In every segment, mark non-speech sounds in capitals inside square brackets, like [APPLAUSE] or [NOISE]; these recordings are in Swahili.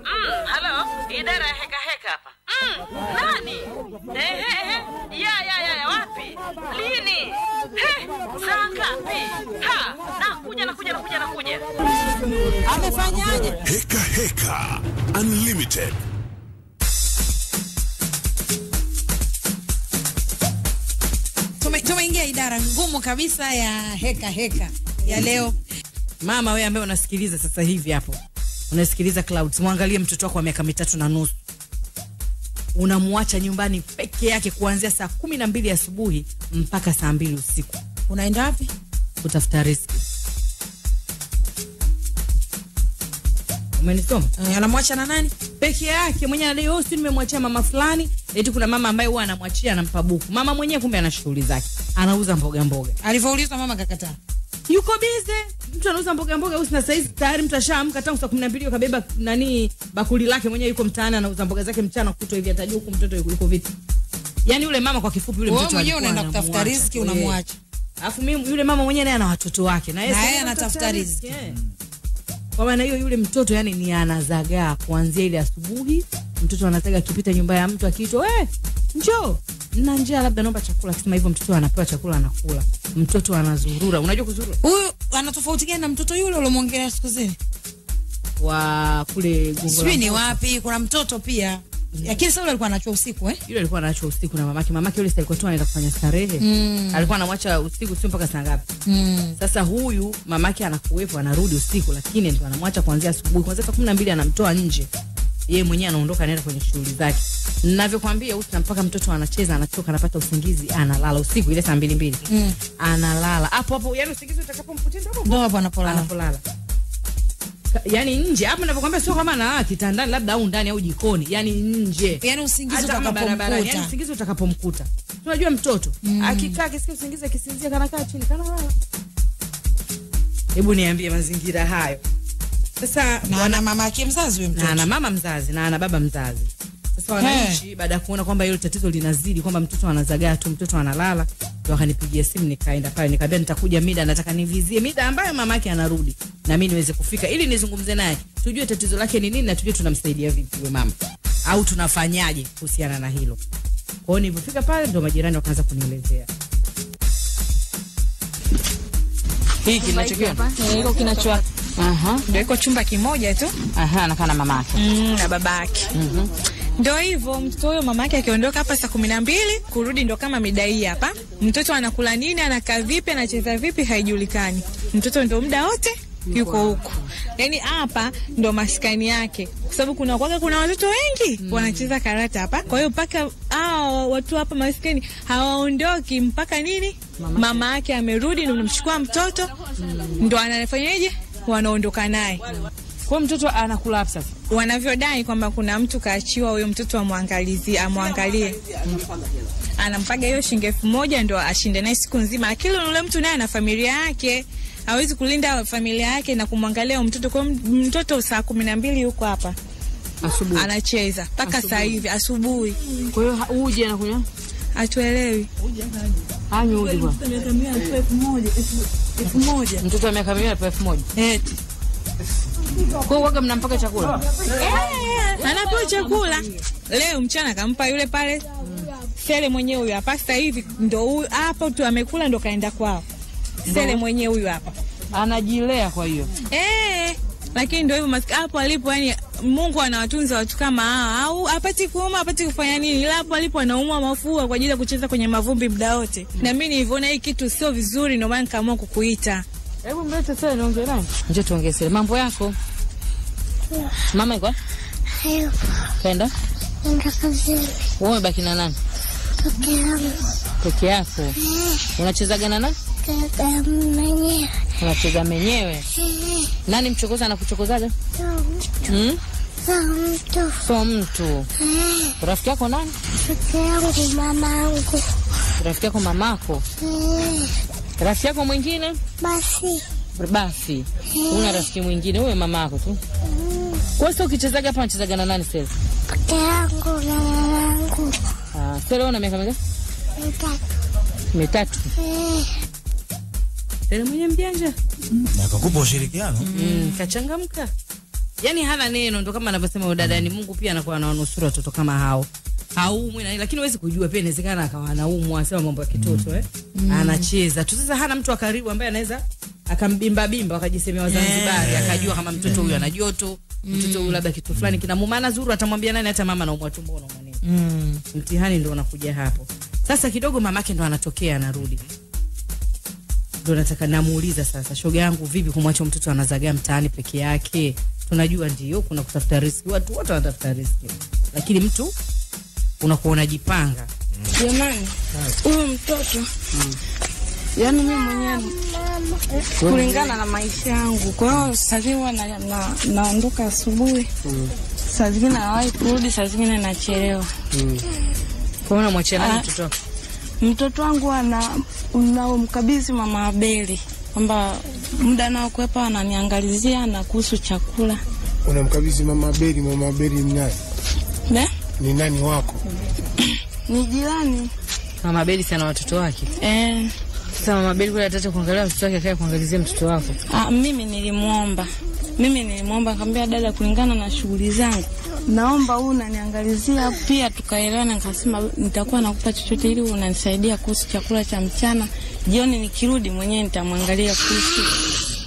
Mm, halo, idara ya heka heka hapa. Mm, nani? Ehe, eh, eh, eh. ya ya ya wapi? Lini? He, saa ngapi? Ha, Amefanyaje? Heka heka unlimited. tumeingia idara ngumu kabisa ya heka heka ya leo. Mama wewe ambaye unasikiliza sasa hivi hapo, unasikiliza Clouds, mwangalie mtoto wako wa miaka mitatu na nusu unamwacha nyumbani peke yake kuanzia saa kumi na mbili asubuhi mpaka saa mbili usiku. Unaenda wapi? Kutafuta riski. Umenisoma? Uh, eh, anamwacha na nani? Peke yake mwenye anadai wewe, oh, si nimemwachia mama fulani. Eti kuna mama ambaye huwa anamwachia anampa buku. Mama mwenyewe kumbe ana shughuli zake, anauza mboga mboga. Alivyoulizwa mama kakataa, yuko bize mtu anauza mboga mboga usina saizi tayari mtu ashaamka tangu saa kumi na mbili ukabeba nani bakuli lake mwenyewe yuko mtaani anauza mboga zake mchana kutwa hivi atajua huku mtoto yuko vipi yani yule mama kwa kifupi yule mtoto mwenyewe unaenda kutafuta riziki unamwacha eh. alafu mimi yule mama mwenyewe naye ana watoto wake na yeye anatafuta riziki eh. kwa maana hiyo yule mtoto yani ni anazagaa kuanzia ile asubuhi mtoto anazaga akipita nyumba ya mtu akiitwa hey, eh, njoo nina njia labda naomba chakula akisema hivyo mtoto anapewa chakula anakula mtoto anazurura. Unajua kuzurura? Huyu ana tofauti gani na mtoto yule ulomwongelea siku zile wa kule Gongo? Sijui ni wapi, kuna mtoto pia mm. lakini sasa yule alikuwa anachua usiku eh? Yule alikuwa anachua usiku na mamake. Mamake yule alikuwa tu anaenda kufanya starehe. Mm. Alikuwa anamwacha usiku sio mpaka saa ngapi? Mm. Sasa huyu mamake anakuwepo anarudi usiku lakini ndio anamwacha kuanzia asubuhi. Kuanzia saa 12 anamtoa nje yeye mwenyewe anaondoka anaenda kwenye shughuli zake navyokwambia usi mpaka mtoto anacheza anachoka anapata usingizi analala usiku ile saa mbili mbili mm. analala hapo hapo yani usingizi utakapomkutia ndo hapo anapolala anapolala yani nje hapo navyokwambia sio kama na kitandani labda au ndani au jikoni yani nje yani yaani usingizi utakapomkuta yani usingizi utakapomkuta unajua mtoto mm. akikaa akisikia usingizi akisinzia kanakaa chini kanalala hebu niambie mazingira hayo sasa na ana mama yake mzazi huyo mtoto. Na ana mama mzazi na ana baba mzazi. Sasa wananchi baada ya kuona kwamba hilo tatizo linazidi kwamba mtoto anazagaa tu, mtoto analala, wakanipigia simu nikaenda pale nikamwambia nitakuja mida, nataka nivizie mida ambayo mama yake anarudi na mimi niweze kufika ili nizungumze naye, tujue tatizo lake ni nini na tujue tunamsaidia vipi we mama au tunafanyaje kuhusiana na hilo. Kwa hiyo nilipofika pale ndo majirani wakaanza kunielezea hii kinachokiona kinachoa uh ndio iko chumba kimoja tu uh anakaa na mamake mm, na babake uh-huh. Mhm. Ndo hivyo mtoto huyo mama yake akiondoka hapa saa kumi na mbili kurudi ndio kama midai hapa. Mtoto anakula nini, anakaa vipi, anacheza vipi haijulikani. Mtoto ndio muda wote yuko huko, yaani hapa ndo maskani yake, kwa sababu kuna kwaga, kuna watoto wengi mm, wanacheza karata hapa. Kwa hiyo mpaka hao watu hapa maskani hawaondoki mpaka nini, mama yake amerudi, ndo mnamchukua mtoto mm, ndo anafanyaje wanaondoka naye kwa mtoto anakula sasa. Wanavyodai kwamba kuna mtu kaachiwa huyo mtoto amwangalizie, amwangalie, anampaga hiyo shilingi elfu moja ndo ashinde naye siku nzima, lakini ule mtu naye ana familia yake, hawezi kulinda familia yake na kumwangalia mtoto. Kwa mtoto saa kumi na mbili yuko hapa asubuhi, anacheza mpaka sasa hivi asubuhi. Kwa hiyo uje anakunywa, hatuelewi elfu moja mtoto wa miaka miwili anapewa elfu moja eti eh. kwa uwaga mnampaka chakula ah. eh. anapewa chakula leo mchana kampa yule pale sele mwenyewe huyu hapa sasa hivi ndo huyu hapo tu amekula ndo kaenda kwao sele mwenyewe huyu hapa anajilea kwa hiyo eh lakini ndo hivyo hapo alipo yani Mungu anawatunza watu kama hao, au apati kuuma apati kufanya nini, lapo alipo anaumwa mafua kwa ajili ya kucheza kwenye mavumbi muda wote mm. Na mimi nilivyoona hii kitu sio vizuri, ndio maana nikaamua kukuita. Hebu mlete sasa, niongee naye. Njoo tuongee sasa, mambo yako yeah. mama iko kenda wewe, umebaki na nani? Peke yangu. Peke yako eh. unachezaga na nani? Unacheza mwenyewe. Eh. Nani mchokoza anakuchokozaga? hmm? mtu. So mtu. Eh. Rafiki yako nani? Rafiki yangu mamangu. Rafiki yako mamako? Eh. Rafiki yako mwingine? Basi. Basi. Eh. Una rafiki mwingine huyo mamako tu? Mm. Kwa sababu ukichezaga hapa unachezaga na nani sasa? Kaka yangu na mamangu. Ah, sasa una miaka mingapi? Mitatu. Mitatu. Eh. Ele mwenye mjanja. Na kakupa ushirikiano. Mm. Kachangamka yani hana neno, ndo kama anavyosema udada, ni yaani Mungu pia anakuwa anawanusuru watoto kama hao haumwi na lakini huwezi kujua pia inawezekana akawa anaumwa asema mambo ya kitoto mm. eh mm. anacheza tu sasa hana mtu wa karibu ambaye anaweza akambimba bimba akajisemea wa Zanzibar yeah. akajua kama mtoto huyu ana joto mm. mtoto huyu mm. labda kitu fulani kina mumana zuru atamwambia nani hata mama anaumwa tumbo na mwanene mm. mtihani ndio unakuja hapo sasa kidogo mamake ndo anatokea anarudi ndo nataka namuuliza sasa shoga yangu vipi kumwacha mtoto anazagaa mtaani peke yake tunajua ndio kuna kutafuta riski, watu wote wanatafuta riski, lakini mtu unakuwa unajipanga. Jamani, huyu mtoto mm. yani mi mwenyewe kulingana na maisha yangu, kwa hiyo saa zingine huwa na, naondoka asubuhi mm. saa zingine nawahi kurudi, saa zingine nachelewa mm. Kwa hiyo nani ah, mtoto Mtoto wangu ana unao mkabidhi mama Abeli kwamba muda naokwepa wananiangalizia na kuhusu chakula. Unamkabidhi mama Beri? Mama Beri ni nani? Ni nani wako? [CLEARS THROAT] ni jirani. Mama Beri sana watoto wake e. Sasa mama Beri kule kuangalia mtoto wake, kuangalizia mtoto wako. Ah, mimi nilimwomba mimi nilimwomba nikamwambia, dada, kulingana na shughuli zangu naomba huu unaniangalizia pia, tukaelewana. Nikasema nitakuwa nakupa chochote ili unanisaidia kuhusu chakula cha mchana Jioni nikirudi mwenyewe nitamwangalia kuhusu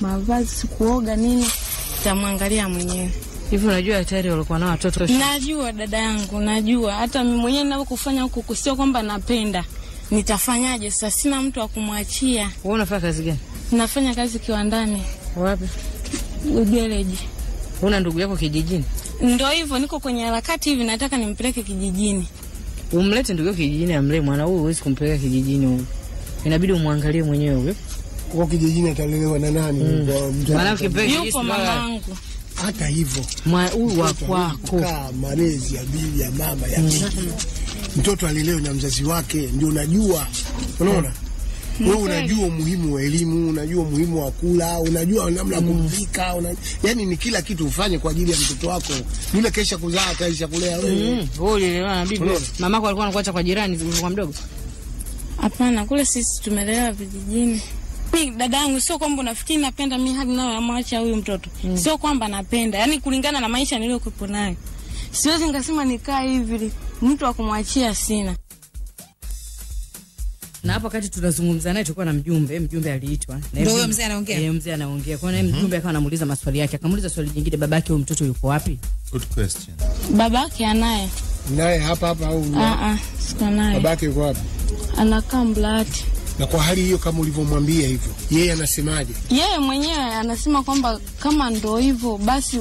mavazi, sikuoga nini, nitamwangalia mwenyewe. hivyo. unajua hatari walikuwa nao watoto? Najua dada yangu, najua hata mimi mwenyewe ninapokufanya huku, sio kwamba napenda. Nitafanyaje sasa? Sina mtu wa kumwachia. Wewe unafanya kazi gani? Nafanya kazi kiwandani. Wapi? Ugereji. Una ndugu yako kijijini? Ndo hivyo, niko kwenye harakati hivi, nataka nimpeleke kijijini. Umlete ndugu yako kijijini, amlee mwana huyu, huwezi kumpeleka kijijini huyu inabidi umwangalie mwenyewe huyo. Uko kijijini atalelewa na nani? Mm. Yupo mamangu hata hivyo huyu wa kwako malezi ya bibi ya mama ya mm. mtoto alilewe na mzazi wake, ndio unajua, unaona mm. wewe unajua umuhimu wa elimu, unajua umuhimu wa kula, unajua namna mm. kumvika una... yani ni kila kitu ufanye kwa ajili ya mtoto wako yule, kesha kuzaa, kesha kulea wewe. mm. ulilelewa na bibi, mamako alikuwa anakuacha kwa jirani ulikuwa mdogo Hapana, kule sisi tumelelewa vijijini. Mi dada yangu, sio kwamba unafikiri napenda mi hadi nao amwacha huyu mtoto mm. Sio kwamba napenda, yani kulingana na maisha niliyokuwepo nayo, siwezi nikasema nikaa hivi mtu wa kumwachia sina. Na hapo wakati tunazungumza naye tulikuwa na mjumbe, mjumbe aliitwa. Ndio huyo mzee anaongea. Yeye mzee anaongea. Kwa nini mm-hmm. mjumbe akawa anamuuliza maswali yake? Akamuuliza swali jingine, babake huyo mtoto yuko wapi? Good question. Babake anaye. Naye hapa hapa au? Ah ah, siko naye. Babake yuko wapi? anakaa mlaati na kwa hali hiyo, kama ulivyomwambia hivyo, yeye anasemaje? Yeye mwenyewe anasema kwamba kama ndo hivyo basi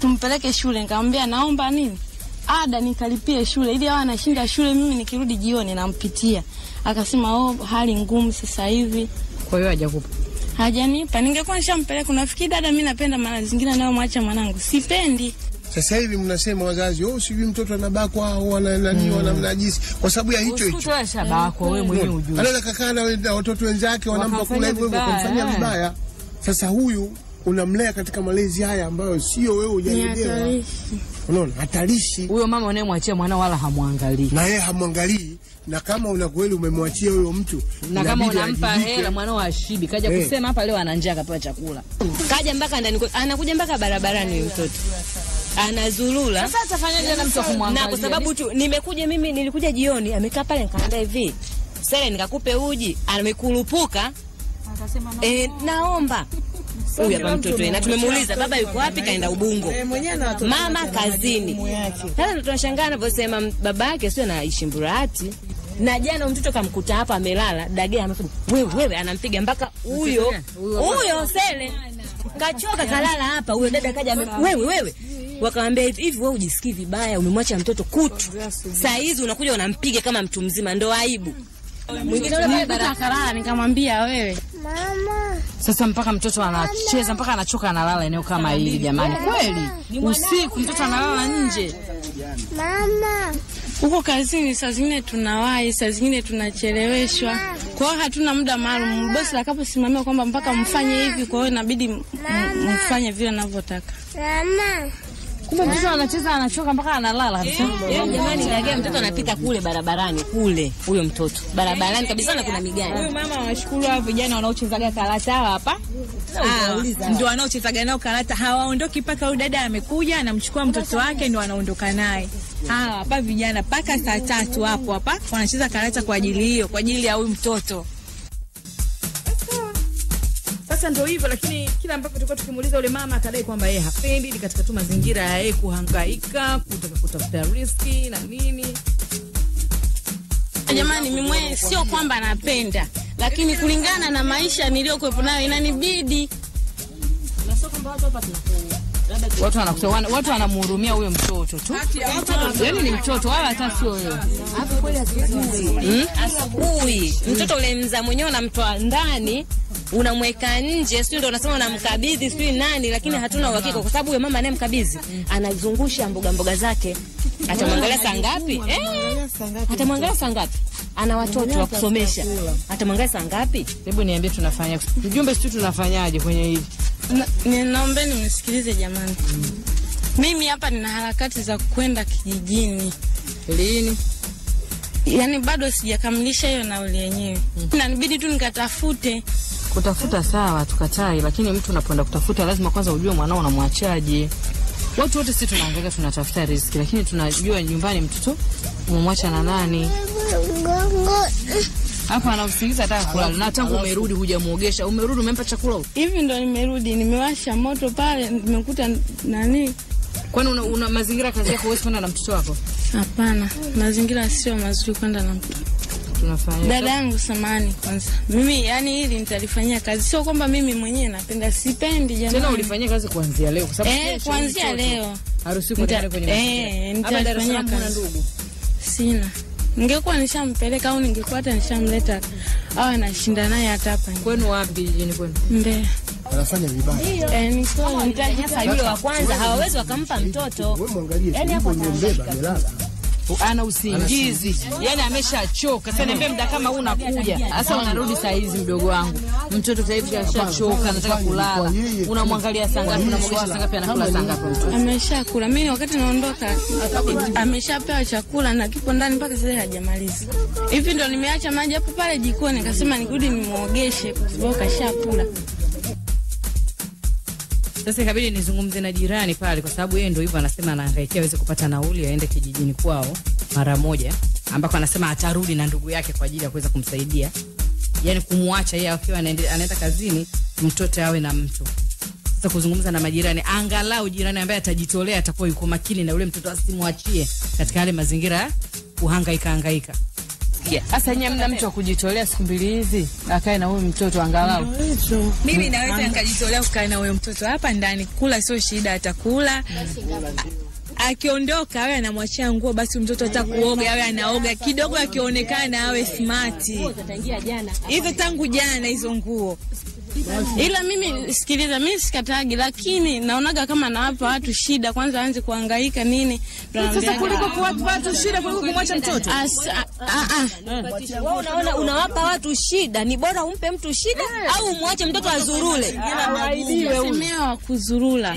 tumpeleke shule. Nikamwambia naomba nini ada nikalipie shule ili awe anashinda shule, mimi nikirudi jioni nampitia. Akasema oh, hali ngumu sasa hivi. Kwa hiyo hajakupa? Hajanipa, ningekuwa nishampeleka. Unafikiri dada, mi napenda mara zingine nayo mwacha mwanangu? Sipendi. Sasa hivi mnasema wazazi, oh, sijui mtoto anabakwa au ana nani wanamnajisi hmm. kwa sababu ya hicho hicho. Hmm. anaweza kakaa na watoto wenzake wanampa kula hivyo hivyo, kumfanyia eh. vibaya. Sasa huyu unamlea katika malezi haya ambayo sio wewe hujalegewa, unaona hatarishi. Huyo mama unayemwachia mwana wala hamwangalii, na yeye hamwangalii na kama una kweli umemwachia huyo mtu na kama unampa hela mwana wa shibi kaja hey, eh. kusema hapa leo ana njaa, akapewa chakula, kaja mpaka ndani, anakuja mpaka barabarani huyo mtoto anazurula. Sasa atafanyaje na mtu kumwangalia? Na kwa sababu tu nimekuja mimi, nilikuja jioni, amekaa pale, nikaanda hivi sasa, nikakupe uji, amekurupuka akasema e, naomba huyu hapa mtoto na tumemuuliza baba yuko wapi, kaenda Ubungo, mama kazini. Sasa ndo tunashangaa anavyosema baba yake sio anaishi Mburahati na jana mtoto kamkuta hapa amelala dagea, amesema wewe wewe, anampiga mpaka huyo huyo sele kachoka kalala hapa, huyo dada kaja wewe wewe wakawambia hivi hivi, wewe ujisikii vibaya, umemwacha mtoto kutu, saa hizi unakuja unampiga kama mtu mzima, ndo aibu. Mwingine yule pale akalala, nikamwambia wewe mama. Sasa mpaka mtoto anacheza mpaka anachoka, analala eneo kama hili jamani, kweli usiku mtoto analala nje mama huko kazini, saa zingine tunawahi, saa zingine tunacheleweshwa, kwa hiyo hatuna muda maalum. Bosi akaposimamia kwamba mpaka mfanye hivi, kwa hiyo inabidi mfanye vile anavyotaka mama. Kumbe mtoto anacheza anachoka mpaka analala kabisa. Eh, eh, jamani, ndio mtoto anapita kule barabarani kule, huyo mtoto barabarani kabisa, na kuna migani. Huyu mama anashukuru hao vijana wanaochezaga karata hapa, ah, ndio wanaochezaga nao karata, hawaondoki mpaka huyu dada amekuja anamchukua mtoto wake, ndio anaondoka naye. Hawa ah, hapa vijana mpaka saa tatu hapo hapa wanacheza karata kwa ajili hiyo, kwa ajili ya huyu mtoto sasa ndio hivyo lakini kila ambapo tulikuwa tukimuuliza yule mama akadai kwamba yeye hapendi ni katika tu mazingira ya yeye kuhangaika kutaka kutafuta riski na nini jamani mimi mwenyewe sio kwamba napenda, lakini kulingana na maisha niliyokuwepo nayo inanibidi watu wanakuta watu wanamhurumia huyo mtoto tu, yaani ni mtoto wala hata sio yeye. Hmm? Asubuhi mtoto ule mza mwenyewe unamtoa ndani unamweka nje, sio ndio? Unasema unamkabidhi sio nani, lakini hatuna uhakika, kwa sababu huyo mama naye mkabidhi anazungusha mboga mboga zake. Atamwangalia saa ngapi? Eh, atamwangalia saa ngapi? ana watoto wa kusomesha, atamwangalia saa ngapi? Hebu niambie, tunafanya ujumbe, sio tunafanyaje kwenye hili? Ninaombeni mnisikilize jamani, mimi hapa nina harakati za kwenda kijijini. Lini? Yaani bado sijakamilisha hiyo nauli yenyewe, mm. nanibidi tu nikatafute Kutafuta sawa, tukatai, lakini mtu unapoenda kutafuta lazima kwanza ujue mwanao unamwachaje. Watu wote sisi tunaangaika tunatafuta riziki, lakini tunajua nyumbani mtoto umemwacha na nani. Hapa anamsingiza hata kulala, na tangu umerudi hujamuogesha, umerudi umempa chakula. Hivi ndo nimerudi, nimewasha moto pale, nimekuta nani. Kwani una, una mazingira kazi yako, huwezi kwenda na mtoto wako? Hapana, mazingira sio mazuri kwenda na mtoto tunafanya. Dada yangu samani kwanza, mimi yani hili nitalifanyia kazi, sio kwamba mimi mwenyewe napenda, sipendi jamani. Tena ulifanyia kazi kuanzia leo, kwa sababu eh, kuanzia leo harusi kwa tare kwenye eh, eh nitalifanyia kazi. Ndugu sina Ningekuwa nishampeleka au ningekuwa hata nishamleta awe anashinda naye hata hapa. Kwenu wapi jini kwenu? Mbeya anafanya vibaya. Eh, ni Mtaji sasa yule wa kwanza hawawezi wakampa mtoto. Wewe mwangalie, yani hapo ndio mbeba amelala ana usingizi, yani ameshachoka. Sasa niambie muda kama huu unakuja sasa, unarudi saa hizi, mdogo wangu, mtoto hivi kashachoka, anataka kulala, unamwangalia saa ngapi, unamwogesha saa ngapi, anakula saa ngapi? Ameshakula. Mimi wakati naondoka, ameshapewa chakula na kipo ndani mpaka sasa hajamaliza. Hivi ndo nimeacha maji hapo pale jikoni, nikasema nikirudi nimwogeshe kwa sababu kashakula. Sasa ikabidi nizungumze na jirani pale, kwa sababu yeye ndio hivyo anasema anahangaikia aweze kupata nauli aende kijijini kwao mara moja, ambako anasema atarudi na ndugu yake kwa ajili ya kuweza kumsaidia, yani kumwacha yeye akiwa anaenda kazini, mtoto awe na mtu sasa kuzungumza na majirani, angalau jirani ambaye atajitolea atakuwa yuko makini na ule mtoto asimwachie katika yale mazingira kuhangaika hangaika anajisikia. Sasa nyewe mna mtu wa kujitolea siku mbili hizi akae na huyu mtoto angalau. Mimi naweza nikajitolea kukae na huyo mtoto hapa ndani, kula sio shida, atakula akiondoka awe anamwachia nguo basi, mtoto hata kuoga awe anaoga kidogo, akionekana awe smart. Hizo tangu jana hizo nguo Ila mimi sikiliza, mimi sikatagi, lakini naonaga kama nawapa watu shida, kwanza aanze kuhangaika nini. Sasa kuliko kuwapa watu shida kuliko kumwacha mtoto. Wewe unaona unawapa watu shida, ni bora umpe mtu shida au umwache mtoto azurule. wa kuzurula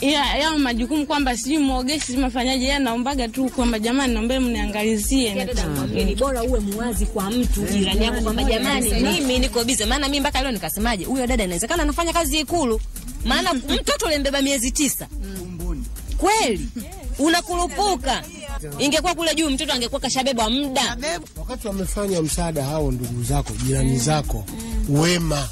yeah, yao majukumu kwamba sijui mwogeshi sijui mafanyaji, ya naombaga tu kwamba jamani, naombe mniangalizie. Ni bora uwe muwazi kwa mtu eh. jirani yako kwamba jamani, mimi niko bize. Maana mimi mpaka leo nikasemaje, huyo dada inawezekana anafanya kazi Ikulu, maana [LAUGHS] mtoto ulimbeba miezi tisa kweli unakurupuka ingekuwa kule juu mtoto angekuwa kashabeba muda. Wakati wamefanya msaada hao ndugu zako jirani zako mm. wema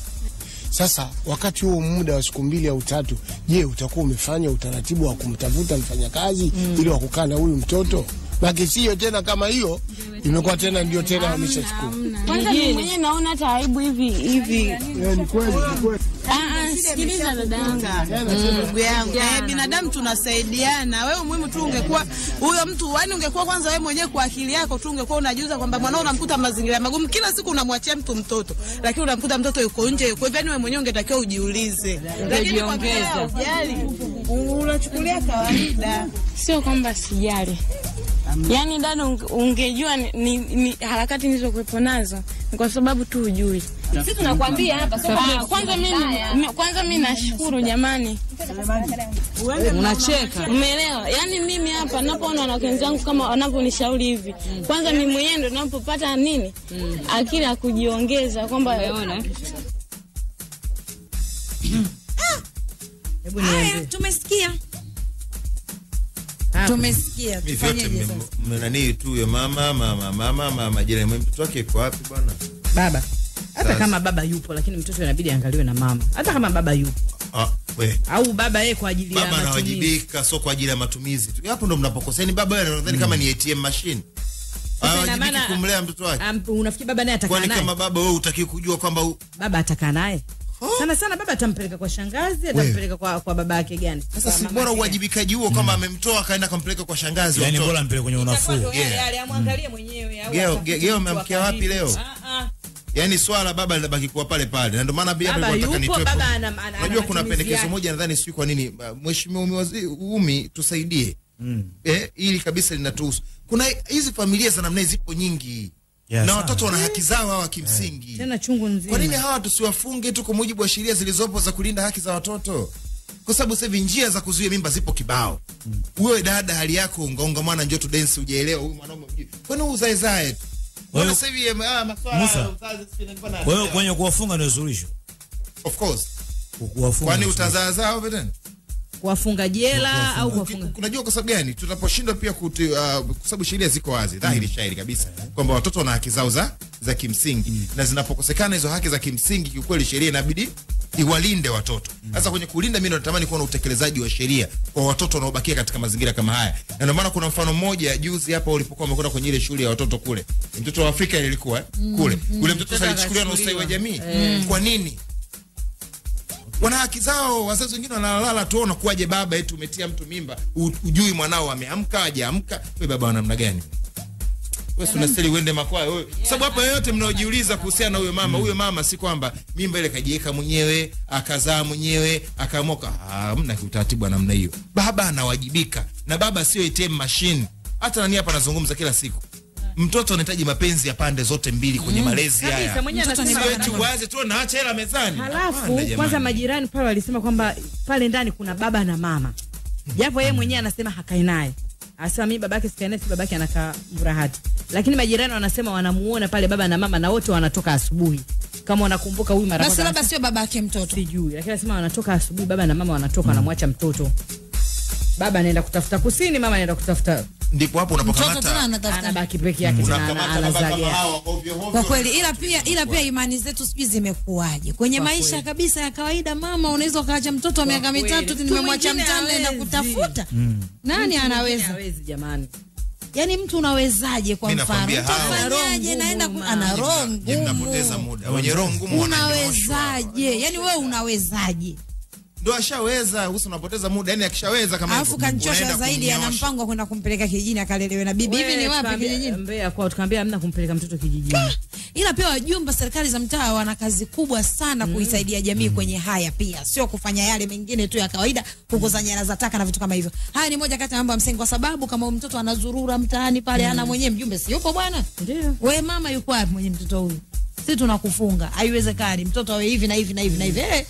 sasa wakati huo muda wa siku mbili au tatu, je, utakuwa umefanya utaratibu wa kumtafuta mfanyakazi mm. ili na huyu mtoto mm lakini sio tena kama hiyo imekuwa tena ndio tena wameshachukua. Kwanza mimi mwenyewe naona hata aibu hivi hivi. Eh, ni kweli, ni kweli. Ah, ah, sikiliza dada yangu, mm. ndugu yangu, eh, binadamu tunasaidiana. Wewe muhimu tu ungekuwa huyo mtu, yani ungekuwa kwanza wewe mwenyewe kwa akili yako tu ungekuwa unajiuza kwamba mwanao unamkuta mazingira magumu kila siku, unamwachia mtu mtoto, lakini unamkuta mtoto yuko nje yuko hivi. yani wewe mwenyewe ungetakiwa ujiulize, lakini kwa kweli unachukulia kawaida, sio kwamba sijali Yaani dada, ungejua ni, ni, ni harakati nilizokuwepo nazo ni kwa sababu tu hujui. Sisi tunakwambia hapa ah, kwanza mimi kwanza mimi nashukuru jamani, unacheka umeelewa? Yaani mimi hapa ninapoona wanawake wenzangu kama wanavyonishauri hivi, kwanza mimi mwenyewe ndo ninapopata nini mm. akili ya kujiongeza kwamba ah! tumesikia tumesikia tufanyeje sasa? tu mama mama mama mama, jirani mtoto wake yuko wapi bwana? Baba hata kama baba yupo, lakini mtoto inabidi angaliwe na mama, hata kama baba yupo. Ah, Au baba yeye kwa ajili ya matumizi. Baba anawajibika, sio kwa ajili ya matumizi. Hapo ndo mnapokosea. Ni baba yeye anadhani kama ni ATM machine. kumlea mtoto wake. unafikiri baba naye atakaa naye? kama baba wewe utaki kujua kwamba baba atakaa naye? Oh. sana sana baba atampeleka kwa shangazi atampeleka kwa, kwa baba yake gani sasa si bora uwajibikaji huo kama amemtoa mm. akaenda kampeleka kwa shangazi yani bora ampeleke kwenye unafuu yale yeah. amwangalie mm. mwenyewe au geo geo umemkia wapi leo ah, ah. Yaani swala baba linabaki kuwa pale pale. Na ndio maana pia baba nataka nitoe. Unajua kuna pendekezo moja nadhani sijui kwa nini uh, mheshimiwa Umi Umi tusaidie. Mm. Eh, ili kabisa linatuhusu. Kuna hizi familia za namna zipo nyingi yes, na watoto wana haki zao hawa kimsingi. Tena chungu nzima. Kwa nini hawa tusiwafunge tu kwa mujibu wa sheria zilizopo za kulinda haki za watoto? Kwa sababu sasa njia za kuzuia mimba zipo kibao. Hmm. Wewe mm. dada, hali yako ungaunga mwana njoo tu dance, ujeelewa huyu mwanaume Kwa nini uzae zae tu. Wewe sasa hivi ah maswala ya uzazi sifini. Wewe kwenye kuwafunga ni uzurisho. Of course. Kuwafunga. Kwani utazaa zao tena? kuwafunga jela au kuwafunga. Unajua kwa sababu gani tunaposhindwa pia kutu, uh, kwa sababu sheria ziko wazi dhahiri mm. shairi kabisa kwamba watoto wana haki zao za za kimsingi mm. na zinapokosekana hizo haki za kimsingi, kiukweli sheria inabidi iwalinde watoto mm. sasa. Mm. Kwenye kulinda, mimi natamani kuona utekelezaji wa sheria kwa watoto wanaobakia katika mazingira kama haya, na ndio maana kuna mfano mmoja juzi hapa ulipokuwa umekwenda kwenye ile shule ya watoto kule, mtoto wa Afrika ilikuwa mm. kule mm. ule mtoto alichukuliwa na ustawi wa jamii mm. kwa nini wana haki zao. Wazazi wengine wanalala tu, unakuwaje baba, eti umetia mtu mimba, ujui mwanao ameamka ajaamka. Wewe baba wa namna gani? wewe unastahili uende makwao wewe, yeah. Sababu hapa yote mnaojiuliza kuhusiana na huyo mama, huyo mama si kwamba mimba ile kajiweka mwenyewe akazaa mwenyewe akamoka. Ah, hamna utaratibu namna hiyo. Baba anawajibika na baba sio ATM machine. Hata nani hapa anazungumza kila siku mtoto anahitaji mapenzi ya pande zote mbili kwenye mm. malezi haya. Mtoto ni wetu Tuwaze tu naacha hela mezani. Halafu kwanza majirani pale walisema kwamba pale ndani kuna baba na mama, japo yeye mwenyewe anasema hakai naye asema mimi babake sikai naye, babake anakaa Burahati. lakini majirani wanasema wanamuona pale baba na mama, na wote wanatoka asubuhi kama wanakumbuka huyu mara moja. Basi sio babake mtoto, sijui, lakini anasema wanatoka asubuhi, baba na mama wanatoka, wanamwacha mm. mtoto, baba anaenda kutafuta kusini, mama anaenda kutafuta ndipo hapo unapokamata tena anatafuta anabaki peke yake tena anazalia kwa kweli, ila pia ila pia imani zetu sijui zimekuaje kwenye maisha kabisa ya kawaida. Mama, unaweza kaacha mtoto wa miaka mitatu, nimemwacha mtano na kutafuta mm. nani anaweza? Hawezi jamani. Yaani mtu unawezaje? Kwa mfano utafanyaje? Naenda ana roho yaani ngumu, unapoteza muda wenye roho ngumu, unawezaje? Yaani wewe unawezaje? ndo ashaweza, husi unapoteza muda. Yani akishaweza kama alafu kanchosha zaidi, ana mpango wa kwenda kumpeleka kijijini akalelewe na bibi. Hivi ni wapi kijijini? mbea kwa tukamwambia amna kumpeleka mtoto kijijini. Ah, ila pia wajumba serikali za mtaa wana kazi kubwa sana mm. kuisaidia jamii mm. kwenye haya pia, sio kufanya yale mengine tu ya kawaida, kukusanya hela za taka na vitu kama hivyo. Haya ni moja kati ya mambo ya msingi, kwa sababu kama mtoto anazurura mtaani pale, mm. ana mwenyewe mjumbe, si yupo bwana? Ndio wewe mama, yuko wapi mwenye mtoto huyu? Sisi tunakufunga, haiwezekani mtoto awe hivi na hivi na hivi mm. na hivi mm. Eh,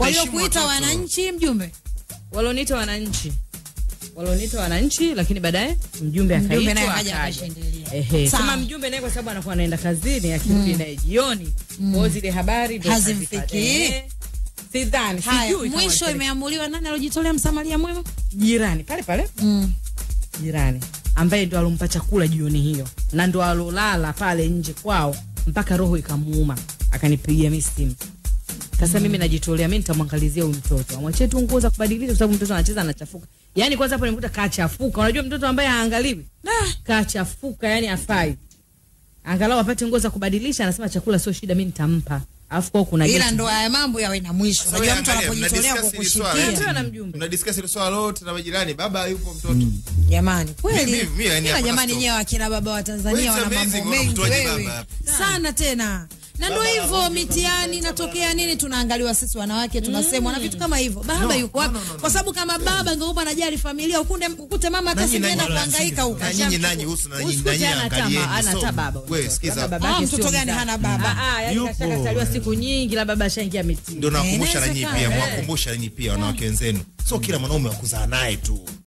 waliokuita wananchi mjumbe walionita wananchi walionita wananchi, lakini baadaye mjumbe akaitwa naye haja akaja. Kama mjumbe naye, kwa sababu anakuwa anaenda kazini, akirudi mm. naye jioni mm. kwa zile habari hazimfikii. Sidhani, sijui mwisho imeamuliwa nani alojitolea msamaria mwema, jirani pale pale mm. jirani ambaye ndo alompa chakula jioni hiyo na ndo alolala pale nje kwao mpaka roho ikamuuma, akanipigia mimi simu sasa mimi najitolea, mimi nitamwangalizia huyu mtoto, amwachie tu nguo za kubadilisha, kwa sababu mtoto anacheza anachafuka. Yani kwanza hapo nimkuta kachafuka, unajua mtoto ambaye haangaliwi kachafuka, yani afai angalau apate nguo za kubadilisha. Anasema chakula sio shida, mimi nitampa Afu kwa kuna ila ndo haya mambo yawe na mwisho. Unajua mtu anapojitolea kwa kushikia eh? na mjumbe, mna discuss ile swala lote na majirani, baba yupo mtoto. Mm. Jamani kweli, Mimi jamani nyewe akina baba wa Tanzania wana mambo mengi wewe sana tena na ndio hivyo mitihani inatokea nini, tunaangaliwa sisi wanawake tunasemwa mm. na vitu kama hivyo. Baba no, yuko wapi? No, no, no, kwa sababu kama baba angekupa anajali familia, ukunde ukute mama hata singeenda kuhangaika huko. Na nyinyi nani husu na nyinyi ndani angalieni. Ana ta baba. Wewe sikiza. Ah, mtoto gani hana baba? Ah, ah yaani kashakataliwa siku nyingi la baba ashaingia mitini. Ndio nakumbusha na nyinyi pia, eh, eh. mwakumbusha nyinyi pia wanawake wenzenu. Sio kila mwanaume wa kuzaa naye tu.